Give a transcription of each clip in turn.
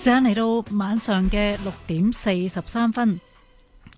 時間嚟到晚上嘅六點四十三分。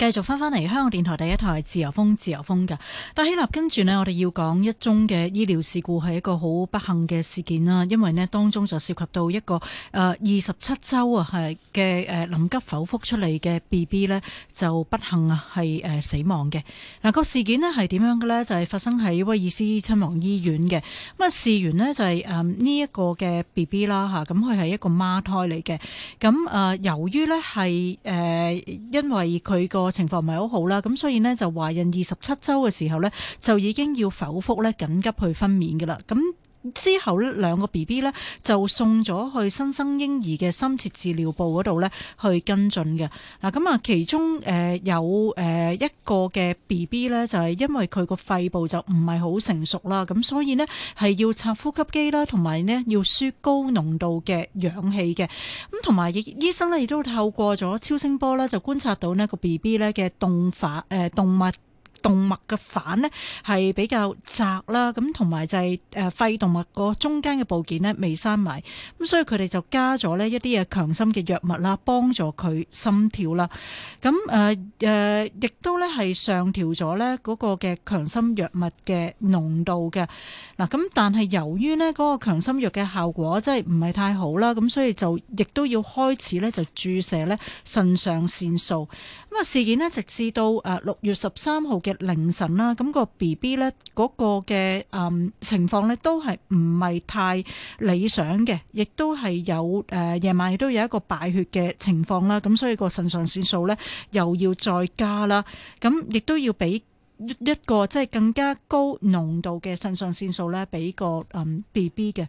繼續翻翻嚟，香港電台第一台係自由風，自由風嘅。但希臘跟住呢，我哋要講一宗嘅醫療事故，係一個好不幸嘅事件啦。因為呢，當中就涉及到一個誒二十七周啊，係嘅誒臨急剖腹出嚟嘅 B B 呢，就不幸係誒、呃、死亡嘅。嗱、呃這個事件呢係點樣嘅呢？就係、是、發生喺威爾斯親王醫院嘅。咁啊，事源呢就係誒呢一個嘅 B B 啦吓，咁佢係一個孖胎嚟嘅。咁誒由於呢係誒、呃、因為佢個。情況唔係好好啦，咁所以呢，就懷孕二十七周嘅時候呢，就已經要剖腹咧緊急去分娩嘅啦，咁。之後呢，兩個 B B 呢，就送咗去新生嬰兒嘅深切治療部嗰度呢，去跟進嘅。嗱，咁啊，其中誒、呃、有誒、呃、一個嘅 B B 呢，就係、是、因為佢個肺部就唔係好成熟啦，咁所以呢，係要插呼吸機啦，同埋呢要輸高濃度嘅氧氣嘅。咁同埋醫生呢，亦都透過咗超聲波啦，就觀察到呢、那個 B B 呢嘅動化誒、呃、動物。動物嘅反呢係比較窄啦，咁同埋就係肺動脈個中間嘅部件呢未閂埋，咁所以佢哋就加咗呢一啲嘢強心嘅藥物啦，幫助佢心跳啦。咁誒亦都咧係上調咗呢嗰個嘅強心藥物嘅濃度嘅。嗱，咁但係由於呢嗰個強心藥嘅效果真係唔係太好啦，咁所以就亦都要開始咧就注射咧腎上腺素。咁啊事件咧直至到誒六月十三號嘅凌晨啦，咁個 BB 咧嗰個嘅嗯情況咧都係唔係太理想嘅，亦都係有誒夜晚亦都有一個敗血嘅情況啦，咁所以個腎上腺素咧又要再加啦，咁亦都要俾。一一個即係更加高濃度嘅腎上腺素咧，俾個嗯 B B 嘅。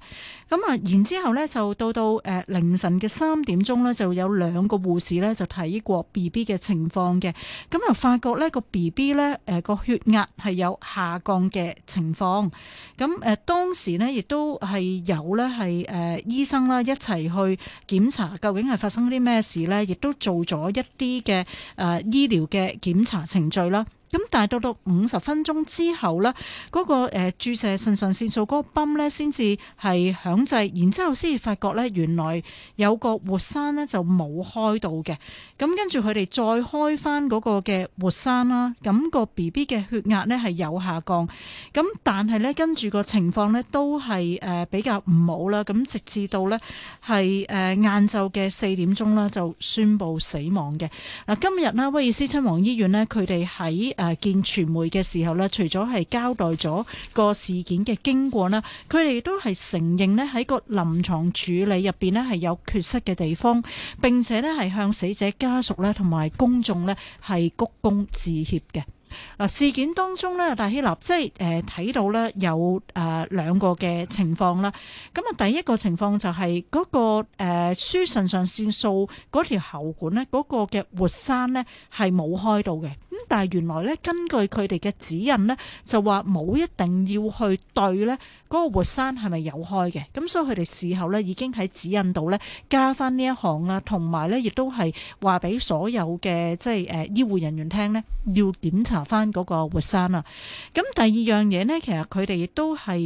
咁啊，然之後咧就到到誒、呃、凌晨嘅三點鐘咧，就有兩個護士咧就睇過 B B 嘅情況嘅，咁又發覺呢個 B B 咧誒個血壓係有下降嘅情況，咁誒，當時呢，亦都係有咧係誒醫生啦一齊去檢查究竟係發生啲咩事咧，亦都做咗一啲嘅誒醫療嘅檢查程序啦。咁但係到到五十分鐘之後呢嗰、嗰個注射腎上腺素嗰泵呢，先至係響掣然之後先至發覺呢，原來有個活栓呢就冇開到嘅。咁跟住佢哋再開翻嗰個嘅活栓啦，咁、個 B B 嘅血壓呢係有下降，咁但係呢，跟住個情況呢都係比較唔好啦。咁直至到呢係誒晏晝嘅四點鐘啦，就宣布死亡嘅。嗱，今日呢，威爾斯親王醫院呢，佢哋喺誒見傳媒嘅時候咧，除咗係交代咗個事件嘅經過咧，佢哋都係承認咧，喺個臨床處理入邊咧係有缺失嘅地方，並且咧係向死者家屬咧同埋公眾咧係鞠躬致歉嘅。嗱，事件當中咧，大希立即係誒睇到咧有誒兩個嘅情況啦。咁啊，第一個情況就係嗰個誒輸腎上腺素嗰條喉管咧嗰個嘅活塞咧係冇開到嘅。咁但係原來咧，根據佢哋嘅指引呢就話冇一定要去對呢嗰個活栓係咪有開嘅，咁所以佢哋事後呢已經喺指引度呢加翻呢一行啦，同埋呢亦都係話俾所有嘅即係誒、呃、醫護人員聽呢要檢查翻嗰個活栓啊。咁第二樣嘢呢，其實佢哋亦都係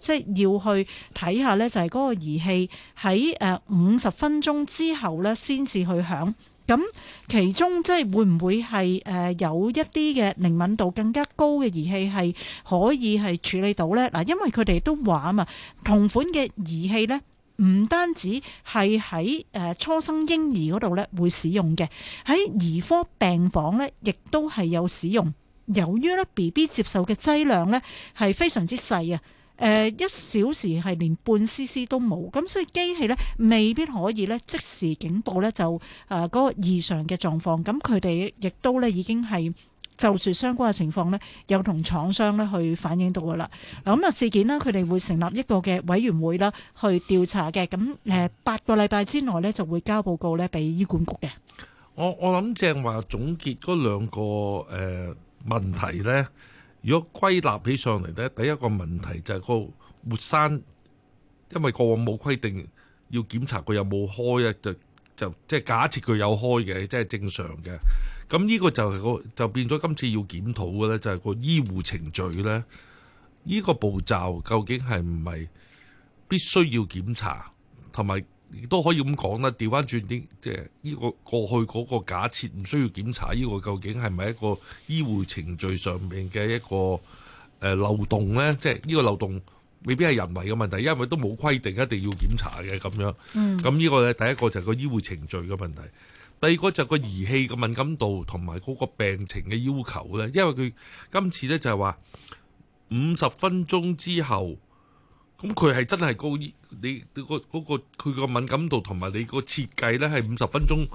即係要去睇下呢，就係、是、嗰個儀器喺誒五十分鐘之後呢先至去響。咁其中即係會唔會係誒有一啲嘅靈敏度更加高嘅儀器係可以係處理到呢？嗱，因為佢哋都話啊嘛，同款嘅儀器呢唔單止係喺誒初生嬰兒嗰度呢會使用嘅，喺兒科病房呢亦都係有使用。由於呢 B B 接受嘅劑量呢係非常之細啊。誒一小時係連半 c.c. 都冇，咁所以機器咧未必可以咧即時警報咧就誒嗰個異常嘅狀況。咁佢哋亦都咧已經係就住相關嘅情況咧，有同廠商咧去反映到㗎喇。嗱咁啊事件咧，佢哋會成立一個嘅委員會啦，去調查嘅。咁誒八個禮拜之內咧就會交報告咧俾醫管局嘅。我我諗正話總結嗰兩個誒問題咧。如果歸納起上嚟咧，第一個問題就係個活栓，因為過往冇規定要檢查佢有冇開啊，就就即係假設佢有開嘅，即係正常嘅。咁呢個就係個就變咗今次要檢討嘅呢，就係個醫護程序呢，呢個步驟究竟係唔係必須要檢查同埋？亦都可以咁講啦，調翻轉啲，即係呢個過去嗰個假設唔需要檢查，呢個究竟係咪一個醫護程序上面嘅一個、呃、漏洞呢？即係呢個漏洞未必係人為嘅問題，因為都冇規定一定要檢查嘅咁樣。咁呢個呢，第一個就係個醫護程序嘅問題，第二個就係個儀器嘅敏感度同埋嗰個病情嘅要求呢，因為佢今次呢就係話五十分鐘之後。咁佢係真係嗰個，你嗰個嗰個佢個敏感度同埋你個設計呢，係五十分鐘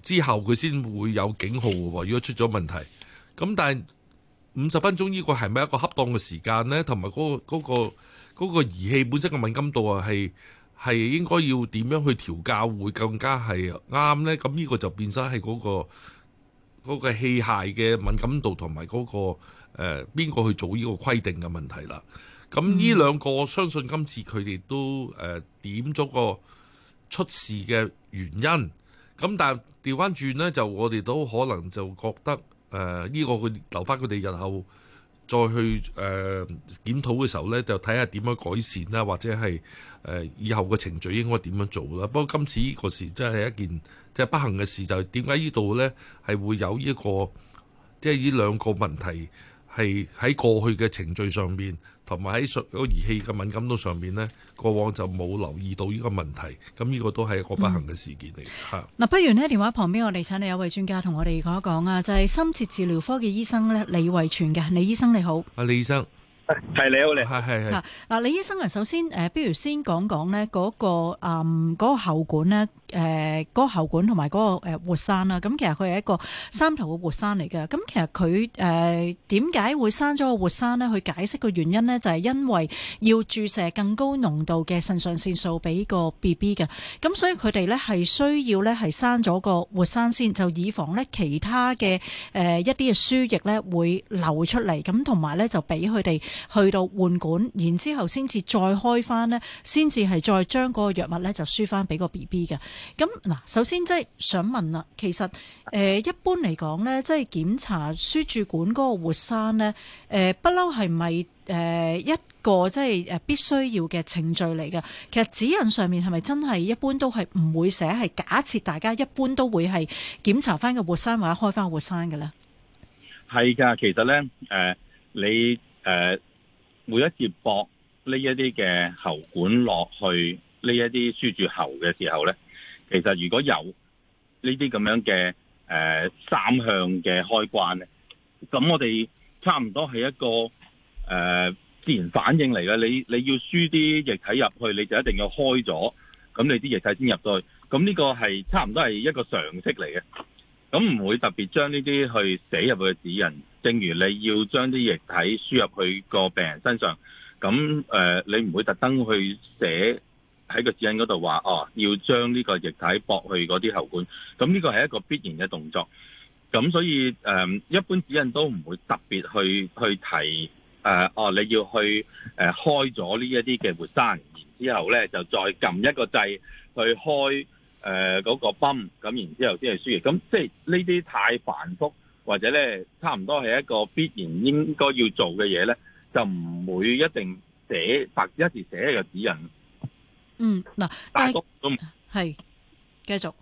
之後佢先會有警號嘅，如果出咗問題，咁但係五十分鐘呢個係咪一個恰當嘅時間呢？同埋嗰個嗰個嗰個儀器本身嘅敏感度啊，係係應該要點樣去調教會更加係啱咧？咁呢個就變成係嗰個嗰個器械嘅敏感度同埋嗰個誒邊個去做呢個規定嘅問題啦。咁呢兩個我相信今次佢哋都誒點咗個出事嘅原因。咁但係調翻轉呢，就我哋都可能就覺得誒呢、呃呢個佢留翻佢哋日後再去誒檢討嘅時候呢，就睇下點樣改善啦，或者係、呃、以後嘅程序應該點樣做啦。不過今次呢個事真係一件即係不幸嘅事，就係點解呢度呢係會有呢、呢、一個即係呢兩個問題係喺過去嘅程序上面。同埋喺術個儀器嘅敏感度上面呢，過往就冇留意到呢個問題，咁呢個都係一個不幸嘅事件嚟。嚇、嗯、嗱，不如呢，電話旁邊我哋請嚟有一位專家同我哋講一講啊，就係、是、深切治療科嘅醫生咧李衛全嘅李醫生，你好，阿李醫生。係你好，你係係係嗱，嗱李醫生啊，首先誒，不、呃、如先講講咧嗰個誒嗰、嗯那個喉管咧，誒、呃、嗰、那個喉管同埋嗰個誒活栓啦。咁其實佢係一個三頭嘅活栓嚟嘅。咁其實佢誒點解會閂咗個活栓咧？佢解釋個原因咧，就係、是、因為要注射更高濃度嘅腎上腺素俾個 B B 嘅。咁所以佢哋咧係需要咧係閂咗個活栓先，就以防咧其他嘅誒、呃、一啲嘅輸液咧會流出嚟。咁同埋咧就俾佢哋。去到換管，然之後先至再開翻咧，先至係再將嗰個藥物呢就輸翻俾個 B B 嘅。咁嗱，首先即係想問啦，其實誒、呃、一般嚟講呢，即係檢查輸注管嗰個活栓呢，誒、呃、不嬲係咪誒一個即係誒必須要嘅程序嚟嘅？其實指引上面係咪真係一般都係唔會寫係假設大家一般都會係檢查翻個活栓或者開翻個活栓嘅呢？係噶，其實呢，誒、呃、你。誒，每一接駁呢一啲嘅喉管落去呢一啲輸注喉嘅時候咧，其實如果有呢啲咁樣嘅誒、呃、三向嘅開關咧，咁我哋差唔多係一個誒、呃、自然反應嚟嘅。你你要輸啲液體入去，你就一定要開咗，咁你啲液體先入到去。咁呢個係差唔多係一個常識嚟嘅，咁唔會特別將呢啲去寫入去指引。正如你要將啲液體輸入去個病人身上，咁誒、呃、你唔會特登去寫喺個指引嗰度話，哦，要將呢個液體駁去嗰啲喉管，咁呢個係一個必然嘅動作。咁所以誒、呃，一般指引都唔會特別去去提誒、呃，哦，你要去誒、呃、開咗呢一啲嘅活栓，然之後咧就再撳一個掣去開誒嗰、呃那個泵，咁然之後先係輸液。咁即係呢啲太繁複。或者咧，差唔多係一個必然應該要做嘅嘢咧，就唔會一定寫白一時寫一個指引。嗯，嗱，大福都係繼續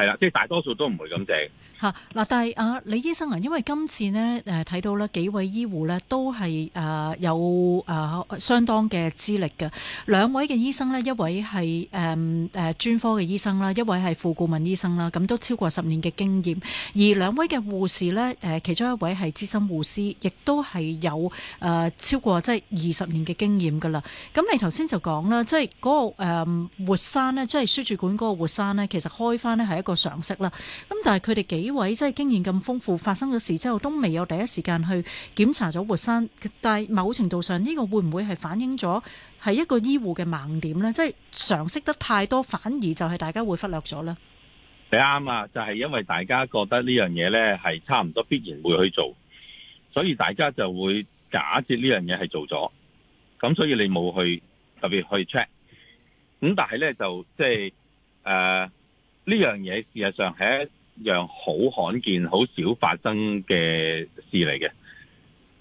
係啦，即係大多數都唔會咁正。吓嗱，但係啊，李醫生啊，因為今次呢，誒睇到呢幾位醫護呢，都係誒有誒相當嘅資歷嘅。兩位嘅醫生呢，一位係誒誒專科嘅醫生啦，一位係副顧問醫生啦，咁都超過十年嘅經驗。而兩位嘅護士呢，誒其中一位係資深護師，亦都係有誒超過即係二十年嘅經驗噶啦。咁你頭先就講啦，即係嗰個誒活栓呢，即係輸注管嗰個活栓呢，就是，其實開翻咧係一個。個常識啦，咁但係佢哋幾位即係經驗咁豐富，發生咗事之後都未有第一時間去檢查咗活栓，但係某程度上呢個會唔會係反映咗係一個醫護嘅盲點咧？即係常識得太多，反而就係大家會忽略咗咧。係啱啊，就係因為大家覺得呢樣嘢咧係差唔多必然會去做，所以大家就會假設呢樣嘢係做咗，咁所以你冇去特別去 check。咁但係咧就即係誒。呢樣嘢事實上係一樣好罕見、好少發生嘅事嚟嘅，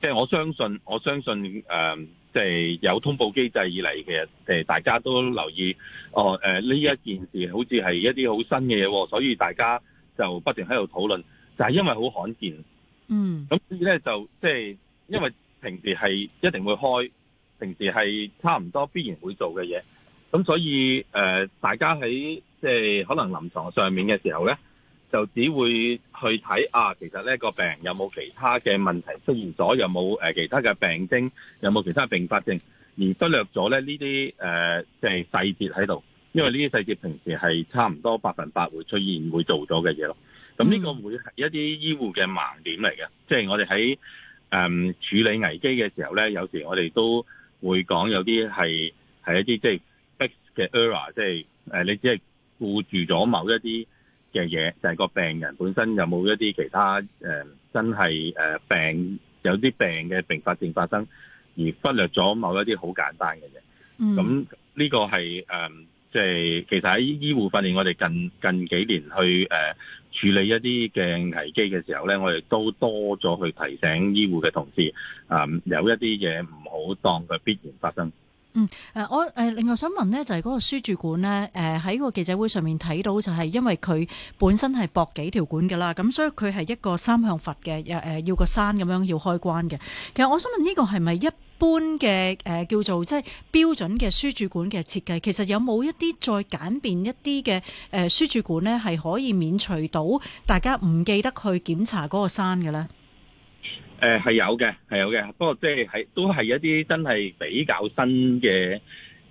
即係我相信，我相信誒，即係有通報機制以嚟嘅誒，大家都留意哦誒，呢一件事好似係一啲好新嘅嘢，所以大家就不斷喺度討論，就係因為好罕見，嗯，咁所以咧就即係因為平時係一定會開，平時係差唔多必然會做嘅嘢，咁所以誒，大家喺即係可能臨床上面嘅時候咧，就只會去睇啊，其實呢個病有冇其他嘅問題出現咗，有冇誒其他嘅病徵，有冇其他併發症，而忽略咗咧呢啲誒即係細節喺度，因為呢啲細節平時係差唔多百分百會出現會做咗嘅嘢咯。咁呢個會係一啲醫護嘅盲點嚟嘅，即係我哋喺誒處理危機嘅時候咧，有時我哋都會講有啲係係一啲即係 ex 嘅 error，即係誒你只係。顧住咗某一啲嘅嘢，就係、是、個病人本身有冇一啲其他誒、呃、真係誒、呃、病有啲病嘅併發症發生，而忽略咗某一啲好簡單嘅嘢。咁、嗯、呢個係誒，即、呃、係、就是、其實喺醫護訓練我哋近近幾年去誒、呃、處理一啲嘅危機嘅時候咧，我哋都多咗去提醒醫護嘅同事，誒、呃、有一啲嘢唔好當佢必然發生。誒、嗯，我、呃、誒，另外想問呢，就係、是、嗰個輸注管呢，誒、呃，喺個記者會上面睇到，就係因為佢本身係駁幾條管噶啦，咁所以佢係一個三向閥嘅，誒、呃呃，要個閂咁樣要開關嘅。其實我想問呢個係咪一般嘅，誒、呃，叫做即係標準嘅輸注管嘅設計？其實有冇一啲再簡便一啲嘅，誒、呃，輸注管呢？係可以免除到大家唔記得去檢查嗰個閂嘅呢？誒，係有嘅，係有嘅。不過即係喺都係一啲真係比較新嘅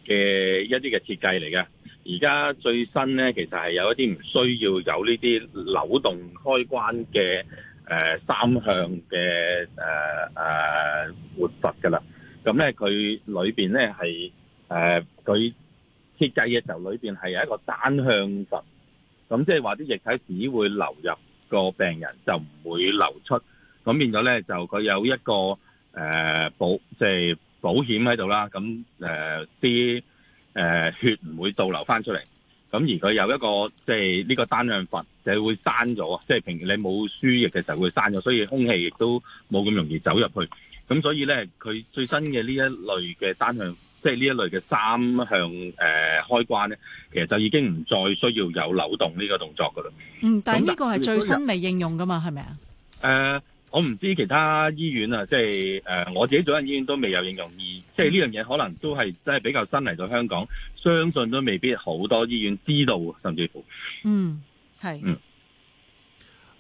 嘅一啲嘅設計嚟嘅。而家最新咧，其實係有一啲唔需要有呢啲扭動開關嘅誒三向嘅誒誒活閥噶啦。咁咧佢裏邊咧係誒佢設計嘅時候裏邊係有一個單向閥。咁即係話啲液體只會流入個病人，就唔會流出。咁變咗咧，就佢有一個誒保，即係保險喺度啦。咁誒啲誒血唔會倒流翻出嚟。咁而佢有一個即係呢個單向閥，就會閂咗。即係平時你冇輸液嘅時候會閂咗，所以空氣亦都冇咁容易走入去。咁所以咧，佢最新嘅呢一類嘅單向，即係呢一類嘅三向誒開關咧，其實就已經唔再需要有扭動呢個動作噶啦。嗯，但呢個係最新未應用噶嘛？係咪啊？誒。我唔知其他醫院啊，即係誒，我自己做緊醫院都未有應用，而即係呢樣嘢可能都係真係比較新嚟到香港，相信都未必好多醫院知道甚至乎。嗯，係。嗯。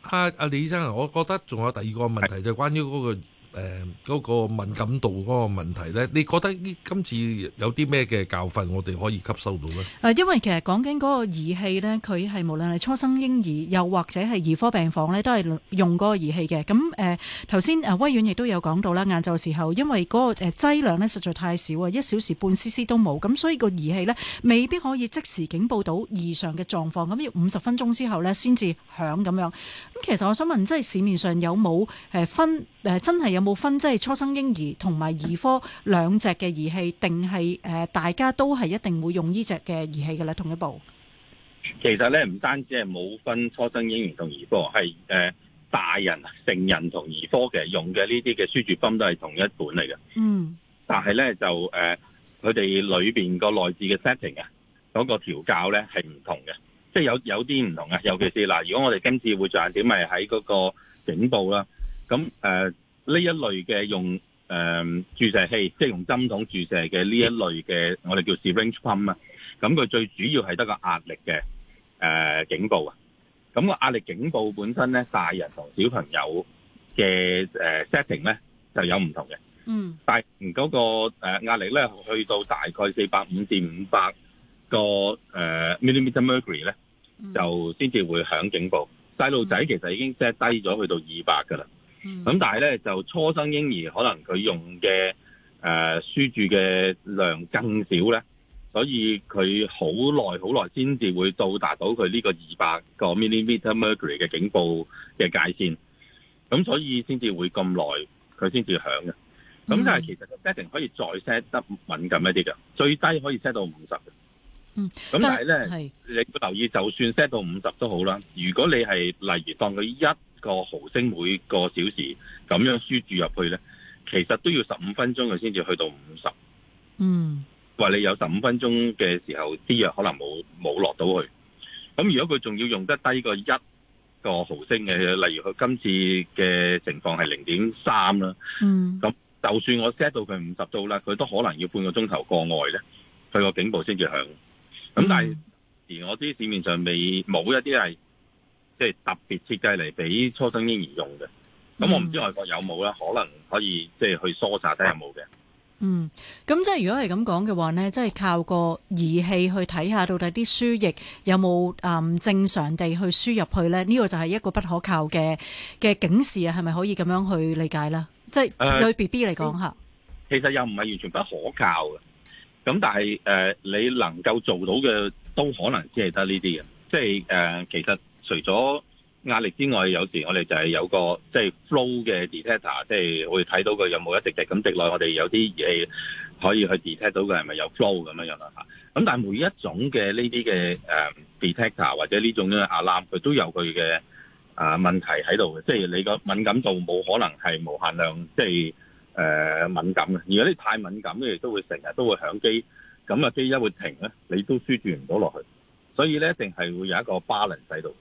阿阿李醫生，我覺得仲有第二個問題就係、是、關於嗰個。誒、呃、嗰、嗰個敏感度嗰個問題咧，你覺得今次有啲咩嘅教訓我哋可以吸收到呢？誒，因為其實講緊嗰個儀器呢，佢係無論係初生嬰兒，又或者係兒科病房呢都係用嗰個儀器嘅。咁誒，頭先誒威院亦都有講到啦，晏晝時候因為嗰個誒劑量咧實在太少啊，一小時半 c.c. 都冇，咁所以個儀器呢未必可以即時警報到異常嘅狀況，咁要五十分鐘之後呢，先至響咁樣。咁其實我想問，即係市面上有冇誒分誒真係有？呃有冇分即係初生嬰兒同埋兒科兩隻嘅儀器，定係誒？大家都係一定會用這儀的呢隻嘅儀器嘅啦，同一部。其實咧，唔單止係冇分初生嬰兒同兒科，係誒大人成人同兒科嘅用嘅呢啲嘅輸注泵都係同一本嚟嘅。嗯，但係咧就誒，佢哋裏邊個內置嘅 setting 啊，嗰個調教咧係唔同嘅，即係有有啲唔同啊。尤其是嗱、嗯，如果我哋今次會做眼點，咪喺嗰個警報啦，咁誒。呃呢一類嘅用誒注射器，即係用針筒注射嘅呢一類嘅，我哋叫 syringe pump 啊。咁佢最主要係得個壓力嘅誒警報啊。咁個壓力警報本身咧，大人同小朋友嘅 setting 咧就有唔同嘅。嗯。但嗰個誒壓力咧，去到大概四百五至五百個誒 millimeter mercury 咧，就先至會響警報。細路仔其實已經 set 低咗去到二百噶啦。咁、嗯、但係咧就初生嬰兒可能佢用嘅誒、呃、輸注嘅量更少咧，所以佢好耐好耐先至會到達到佢呢個二百個 millimeter mercury 嘅警報嘅界線，咁所以先至會咁耐佢先至響嘅。咁、嗯、但係其實 setting 可以再 set 得敏感一啲嘅，最低可以 set 到五十。嗯，咁但係咧、啊，你留意就算 set 到五十都好啦。如果你係例如當佢一個毫升每個小時咁樣輸注入去呢，其實都要十五分鐘佢先至去到五十。嗯，話你有十五分鐘嘅時候，啲藥可能冇冇落到去。咁如果佢仲要用得低過一個毫升嘅，例如佢今次嘅情況係零點三啦。嗯，咁就算我 set 到佢五十度啦，佢都可能要半個鐘頭過外呢，佢個警報先至響。咁但係、嗯，而我知市面上未冇一啲係。即係特別設計嚟俾初生嬰兒用嘅，咁我唔知外國有冇咧、嗯，可能可以即係去梳查睇有冇嘅。嗯，咁即係如果係咁講嘅話咧，即係靠個儀器去睇下到底啲輸液有冇誒、嗯、正常地去輸入去咧，呢個就係一個不可靠嘅嘅警示啊，係咪可以咁樣去理解啦？即係對 B B 嚟講吓，其實又唔係完全不可靠嘅，咁但係誒、呃、你能夠做到嘅都可能只係得呢啲嘅，即係誒、呃、其實。除咗壓力之外，有時我哋就係有個即係 flow 嘅 detector，即係會睇到佢有冇一直滴咁。直落我哋有啲儀器可以去 detect 到佢係咪有 flow 咁樣樣啦吓，咁但係每一種嘅呢啲嘅 detector 或者呢種嘅 alarm 佢都有佢嘅啊問題喺度嘅，即係你個敏感度冇可能係無限量，即係誒敏感嘅。如果你太敏感，你都會成日都會響機，咁啊，機一會停咧，你都輸注唔到落去，所以咧一定係會有一個 balance 喺度。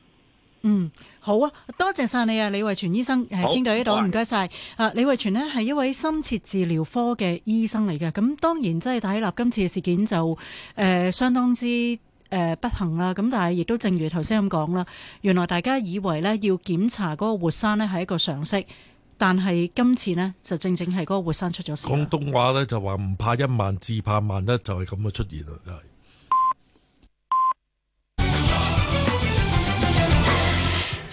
嗯，好啊，多謝晒你啊，李衛全醫生，係傾到呢度，唔該晒。啊，李衛全呢係一位深切治療科嘅醫生嚟嘅，咁當然真係睇啟立今次嘅事件就誒、呃、相當之誒、呃、不幸啦。咁但係亦都正如頭先咁講啦，原來大家以為呢要檢查嗰個活栓呢係一個常識，但係今次呢就正正係嗰個活栓出咗事了。廣東話呢就話唔怕一萬，只怕萬一，就係咁嘅出現啊，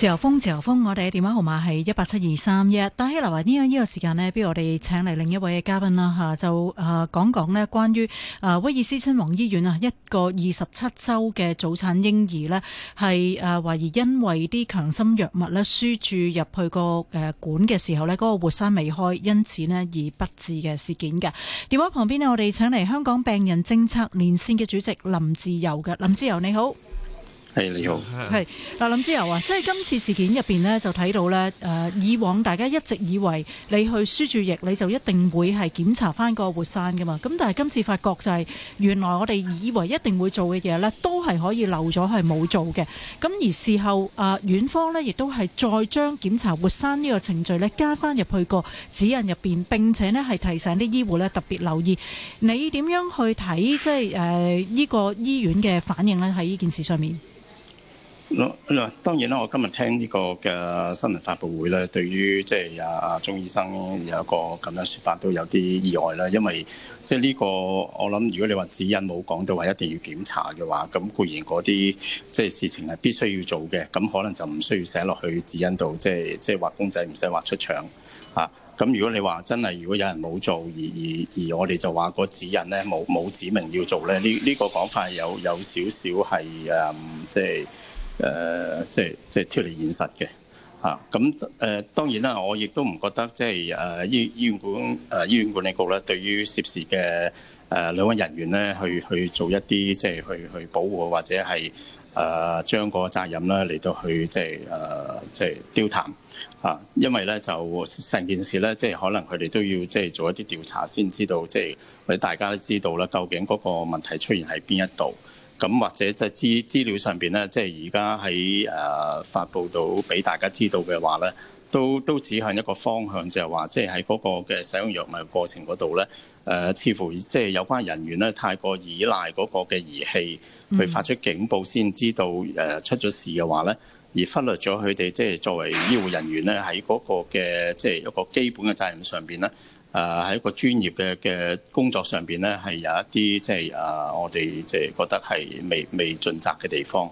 自由風，自由風，我哋嘅電話號碼係一八七二三一。打起嚟，話呢個呢個時間呢，不如我哋請嚟另一位嘅嘉賓啦吓，就誒講講關關於威爾斯親王醫院啊，一個二十七周嘅早產嬰兒呢，係誒懷疑因為啲強心藥物咧輸注入去個誒管嘅時候呢，嗰、那個活栓未開，因此呢而不治嘅事件嘅。電話旁邊呢，我哋請嚟香港病人政策連線嘅主席林志釉。嘅，林志釉，你好。係、hey, 你好，係嗱，林志釉啊，即係今次事件入面呢，就睇到呢誒以往大家一直以為你去輸注液你就一定會係檢查翻個活栓噶嘛，咁但係今次發覺就係、是、原來我哋以為一定會做嘅嘢呢，都係可以漏咗係冇做嘅，咁而事後啊院方呢，亦都係再將檢查活栓呢個程序呢，加翻入去個指引入邊，並且呢係提醒啲醫護呢特別留意你點樣去睇，即係誒呢個醫院嘅反應呢，喺呢件事上面。嗱當然啦，我今日聽呢個嘅新聞發佈會咧，對於即係阿鐘醫生有一個咁樣説法都有啲意外啦，因為即係呢個我諗，如果你話指引冇講到話一定要檢查嘅話，咁固然嗰啲即係事情係必須要做嘅，咁可能就唔需要寫落去指引度，即係即係畫公仔唔使畫出腸嚇。咁、啊、如果你話真係如果有人冇做而而而我哋就話個指引咧冇冇指明要做咧，呢、這、呢個講、這個、法有有少少係誒即係。嗯就是誒、呃，即係即係脫離現實嘅嚇。咁、啊、誒、呃，當然啦，我亦都唔覺得即係誒醫醫院管誒、呃、醫院管理局咧，對於涉事嘅誒兩位人員咧，去去做一啲即係去去保護或者係誒將個責任啦嚟到去即係誒即係調查嚇。因為咧就成件事咧，即、就、係、是、可能佢哋都要即係、就是、做一啲調查先知道，即、就、係、是、或者大家都知道啦，究竟嗰個問題出現喺邊一度。咁或者即係資資料上邊咧，即係而家喺誒發布到俾大家知道嘅話咧，都都指向一個方向，就係話即係喺嗰個嘅使用藥物嘅過程嗰度咧，誒似乎即係有關人員咧，太過依賴嗰個嘅儀器去發出警報先知道誒出咗事嘅話咧，mm. 而忽略咗佢哋即係作為醫護人員咧，喺嗰個嘅即係一個基本嘅責任上邊咧。誒喺一個專業嘅嘅工作上邊咧，係有一啲即係誒我哋即係覺得係未未盡責嘅地方。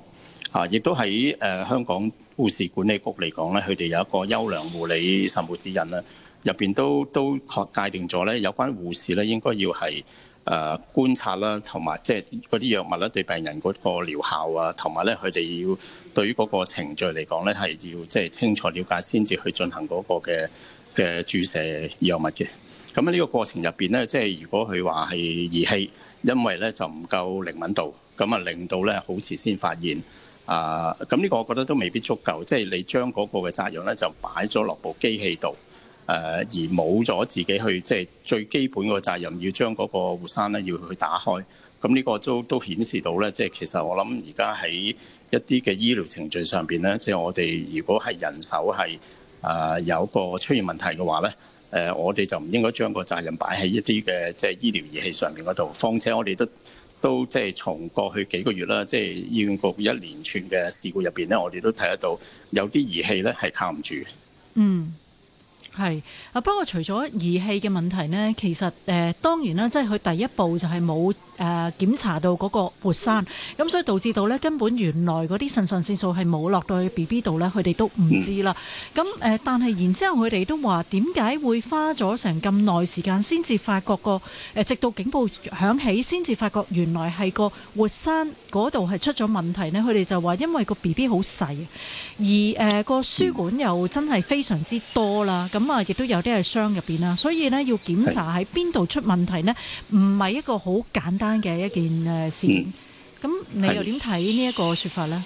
啊，亦都喺誒香港護士管理局嚟講咧，佢哋有一個優良護理實務指引啦，入邊都都確界定咗咧有關護士咧應該要係誒觀察啦，同埋即係嗰啲藥物咧對病人嗰個療效啊，同埋咧佢哋要對於嗰個程序嚟講咧係要即係清楚了解先至去進行嗰個嘅嘅注射藥物嘅。咁呢個過程入邊呢，即係如果佢話係儀器，因為呢就唔夠靈敏度，咁啊令到呢好遲先發現啊。咁呢個我覺得都未必足夠，即係你將嗰個嘅責任呢就擺咗落部機器度，誒而冇咗自己去即係最基本嘅責任，要將嗰個活栓呢要去打開。咁呢個都都顯示到呢，即係其實我諗而家喺一啲嘅醫療程序上邊呢，即係我哋如果係人手係啊有個出現問題嘅話呢。誒，我哋就唔應該將個責任擺喺一啲嘅即係醫療儀器上面嗰度。況且我們，我哋都都即係從過去幾個月啦，即係醫院局一連串嘅事故入邊咧，我哋都睇得到有啲儀器咧係靠唔住。嗯，係。啊，不過除咗儀器嘅問題呢，其實誒、呃、當然啦，即係佢第一步就係冇。誒、啊、檢查到嗰個活栓，咁、啊、所以導致到呢，根本原來嗰啲腎上腺素係冇落到去 B B 度呢。佢哋都唔知啦。咁、啊、但係然之後佢哋都話點解會花咗成咁耐時間先至發覺個、啊、直到警報響起先至發覺原來係個活栓嗰度係出咗問題呢。佢哋就話因為個 B B 好細，而誒個輸管又真係非常之多啦。咁啊，亦都有啲係箱入面啦，所以呢，要檢查喺邊度出問題呢？唔係一個好簡單。嘅一件誒事件，咁、嗯、你又點睇呢一個説法咧？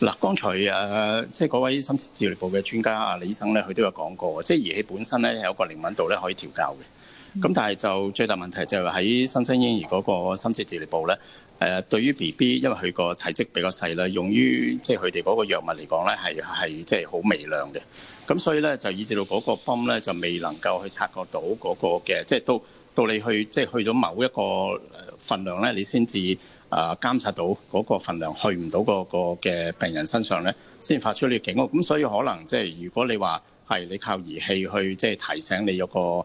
嗱，剛才誒即係嗰位深切治療部嘅專家啊，李醫生咧，佢都有講過，即係儀器本身咧有個靈敏度咧可以調校嘅。咁、嗯、但係就最大問題就係喺新生嬰兒嗰個深切治療部咧，誒、呃、對於 B B 因為佢個體積比較細啦，用於即係佢哋嗰個藥物嚟講咧，係係即係好微量嘅。咁所以咧就以至到嗰個泵咧就未能夠去察覺到嗰個嘅，即、就、係、是、都。到你去即係、就是、去咗某一個份量咧，你先至啊監察到嗰個份量去唔到、那個、那個嘅病人身上咧，先發出呢個警號。咁所以可能即係、就是、如果你話係你靠儀器去即係、就是、提醒你有個誒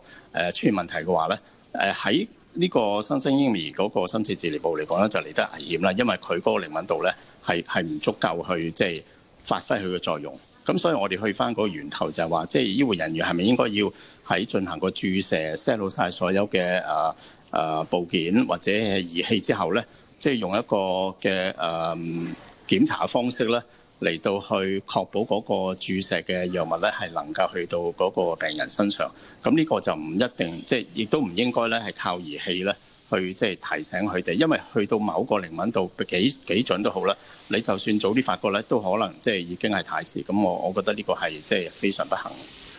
出現問題嘅話咧，誒喺呢個新生嬰兒嗰個深切治療部嚟講咧，就嚟得危險啦，因為佢嗰個靈敏度咧係係唔足夠去即係、就是、發揮佢嘅作用。咁所以我哋去翻嗰個源頭就係話，即、就、係、是、醫護人員係咪應該要？喺進行個注射 set 好晒所有嘅誒誒部件或者係儀器之後咧，即係用一個嘅誒、嗯、檢查方式咧，嚟到去確保嗰個注射嘅藥物咧係能夠去到嗰個病人身上。咁呢個就唔一定，即係亦都唔應該咧係靠儀器咧去即係提醒佢哋，因為去到某個靈敏度幾幾準都好啦，你就算早啲發覺咧，都可能即係已經係太遲。咁我我覺得呢個係即係非常不幸。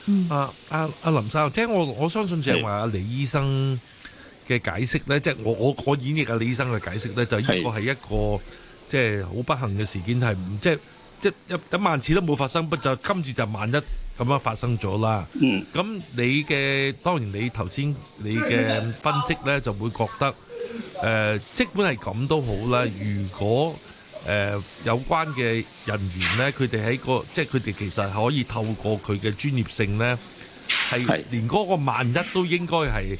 嗯、啊啊啊！林生，即係我我相信正話阿李醫生嘅解釋咧，即係、就是、我我我演繹阿李醫生嘅解釋咧，就呢個係一個即係好不幸嘅事件，係唔即係一一一,一萬次都冇發生，不就今次就萬一咁樣發生咗啦。咁、嗯、你嘅當然你頭先你嘅分析咧，就會覺得誒，即使係咁都好啦，如果。誒、呃、有關嘅人員咧，佢哋喺個即係佢哋其實可以透過佢嘅專業性咧，係連嗰個萬一都應該係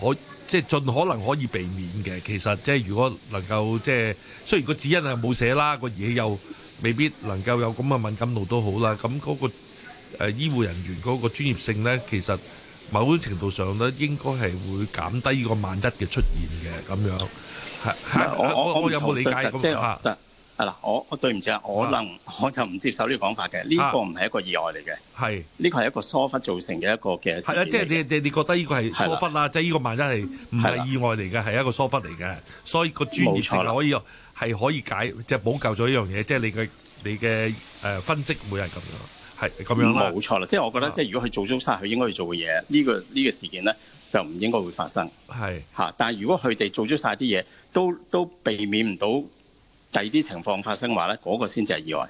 可即係盡可能可以避免嘅。其實即係如果能夠即係雖然個指引係冇寫啦，個嘢又未必能夠有咁嘅敏感度都好啦。咁嗰個誒醫護人員嗰個專業性咧，其實。某種程度上咧，應該係會減低呢個萬一嘅出現嘅咁樣，係嚇。我我我有冇理解咁啊？係啦，我我對唔住啊，可能我就唔接受呢個講法嘅，呢個唔係一個意外嚟嘅。係，呢個係一個疏忽造成嘅一個嘅。係啦，即係你你你覺得呢個係疏忽啦，即係呢個萬一係唔係意外嚟嘅，係一個疏忽嚟嘅，所以個專業性係可以係可以解，即係補救咗呢樣嘢，即係你嘅你嘅誒分析會係咁樣。係咁樣冇錯啦，即係我覺得，啊、即係如果佢做足晒佢應該要做嘅嘢，呢、這個呢、這個事件咧就唔應該會發生。係嚇，但係如果佢哋做足晒啲嘢，都都避免唔到第二啲情況發生嘅話咧，嗰、那個先至係意外。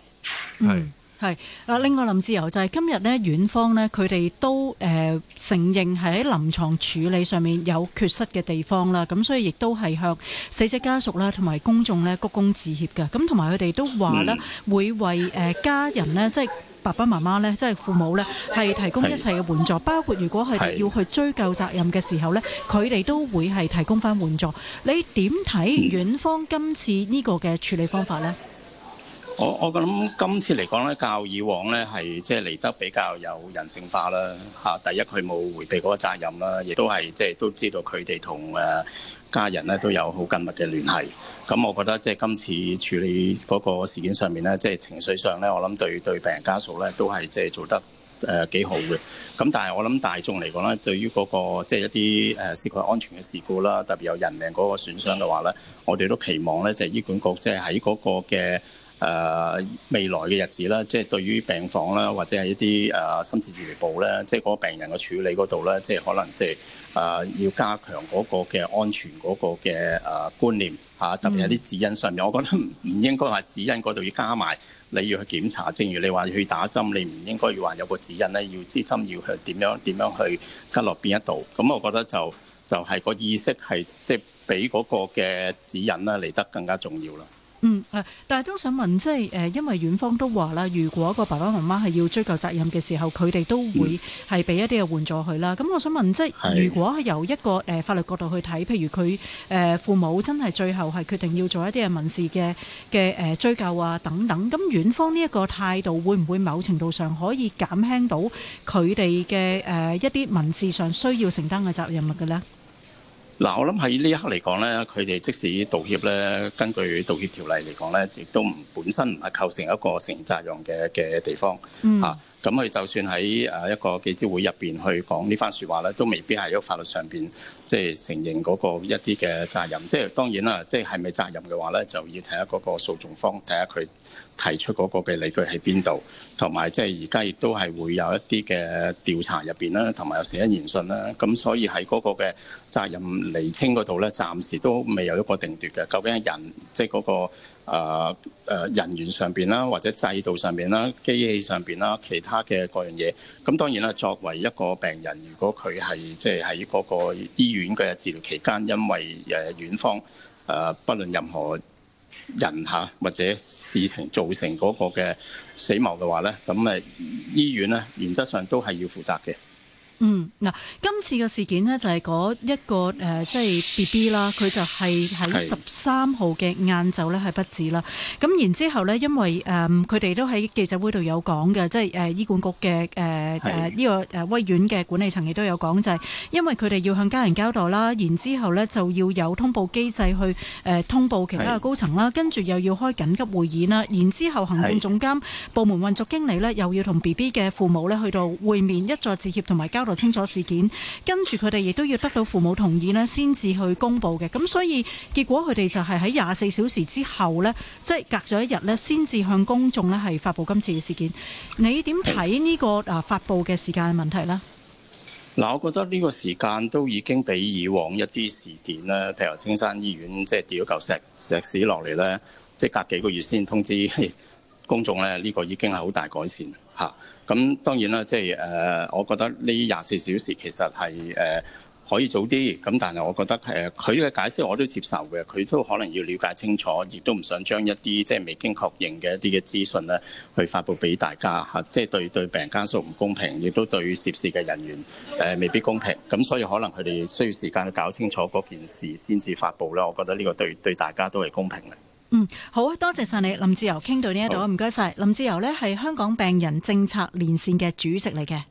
係係啊，另外林志釉就係今日咧，院方咧佢哋都誒、呃、承認係喺臨床處理上面有缺失嘅地方啦，咁所以亦都係向死者家屬啦同埋公眾咧鞠躬致歉嘅。咁同埋佢哋都話咧、嗯，會為誒家人咧即係。就是爸爸媽媽咧，即係父母咧，係提供一切嘅援助，包括如果係要去追究責任嘅時候咧，佢哋都會係提供翻援助。你點睇院方今次呢個嘅處理方法咧？我我諗今次嚟講咧，較以往咧係即係嚟得比較有人性化啦。嚇，第一佢冇迴避嗰個責任啦，亦都係即係都知道佢哋同誒。家人咧都有好緊密嘅聯繫，咁我覺得即係今次處理嗰個事件上面咧，即係情緒上咧，我諗對對病人家屬咧都係即係做得誒幾好嘅。咁但係我諗大眾嚟講咧，對於嗰個即係一啲誒涉及安全嘅事故啦，特別有人命嗰個損傷嘅話咧，我哋都期望咧，即係醫管局即係喺嗰個嘅。誒、呃、未來嘅日子啦，即係對於病房啦，或者係一啲誒深切治療部咧，即係嗰個病人嘅處理嗰度咧，即係可能即係誒要加強嗰個嘅安全嗰個嘅誒、呃、觀念嚇，特別係啲指引上面，我覺得唔應該話指引嗰度要加埋你要去檢查，正如你話去打針，你唔應該要話有個指引咧，要知針要去點樣點樣去吉落邊一度，咁我覺得就就係、是、個意識係即係比嗰個嘅指引啦嚟得更加重要啦。嗯，但係都想問，即係因為院方都話啦，如果個爸爸媽媽係要追究責任嘅時候，佢哋都會係俾一啲嘢援助佢啦。咁我想問，即係如果係由一個法律角度去睇，譬如佢父母真係最後係決定要做一啲嘅民事嘅嘅追究啊等等，咁院方呢一個態度會唔會某程度上可以減輕到佢哋嘅一啲民事上需要承擔嘅責任率㗎呢？嗱，我諗喺呢一刻嚟講咧，佢哋即使道歉咧，根據道歉條例嚟講咧，亦都唔本身唔係構成一個承責任嘅嘅地方嚇。咁、嗯、佢、啊、就算喺誒一個記者會入邊去講這番呢番説話咧，都未必係一個法律上邊即係承認嗰個一啲嘅責任。即、就、係、是、當然啦，即係係咪責任嘅話咧，就要睇下嗰個訴訟方睇下佢提出嗰個嘅理據喺邊度。同埋即係而家亦都係會有一啲嘅調查入邊啦，同埋有死因研訊啦，咁所以喺嗰個嘅責任厘清嗰度咧，暫時都未有一個定奪嘅。究竟係人即係嗰個誒誒、呃呃、人員上邊啦，或者制度上邊啦，機器上邊啦，其他嘅各樣嘢。咁當然啦，作為一個病人，如果佢係即係喺嗰個醫院嘅治療期間，因為誒院方誒、呃、不論任何人吓，或者事情造成嗰個嘅死亡嘅話咧，咁誒醫院咧，原則上都係要負責嘅。嗯，嗱，今次嘅事件咧就係嗰一個誒、呃、即係 B B 啦，佢就係喺十三號嘅晏晝咧係不治啦。咁然之後咧，因為誒佢哋都喺記者會度有講嘅，即係誒醫管局嘅誒誒呢個誒威院嘅管理層亦都有講就係、是、因為佢哋要向家人交代啦，然之後咧就要有通報機制去誒、呃、通報其他嘅高層啦，跟住又要開緊急會議啦，然之後行政總監部門運作經理咧又要同 B B 嘅父母咧去到會面一再致歉同埋交。清楚事件，跟住佢哋亦都要得到父母同意呢先至去公布嘅。咁所以結果佢哋就係喺廿四小時之後呢，即係隔咗一日呢先至向公眾呢係發布今次嘅事件。你點睇呢個啊發布嘅時間問題呢？嗱、嗯，我覺得呢個時間都已經比以往一啲事件咧，譬如青山醫院即係掉咗嚿石石屎落嚟呢，即係隔幾個月先通知公眾呢，呢、呢個已經係好大改善吓。咁當然啦，即係誒，我覺得呢廿四小時其實係誒、呃、可以早啲，咁但係我覺得誒佢嘅解釋我都接受嘅，佢都可能要了解清楚，亦都唔想將一啲即係未經確認嘅一啲嘅資訊咧，去發布俾大家即係、啊就是、對對病人家屬唔公平，亦都對涉事嘅人員誒、呃、未必公平，咁所以可能佢哋需要時間去搞清楚嗰件事先至發布啦。我覺得呢個對對大家都係公平嘅。嗯，好，多謝晒你，林志釉傾到呢一度，唔該晒，林志釉咧，係香港病人政策連線嘅主席嚟嘅。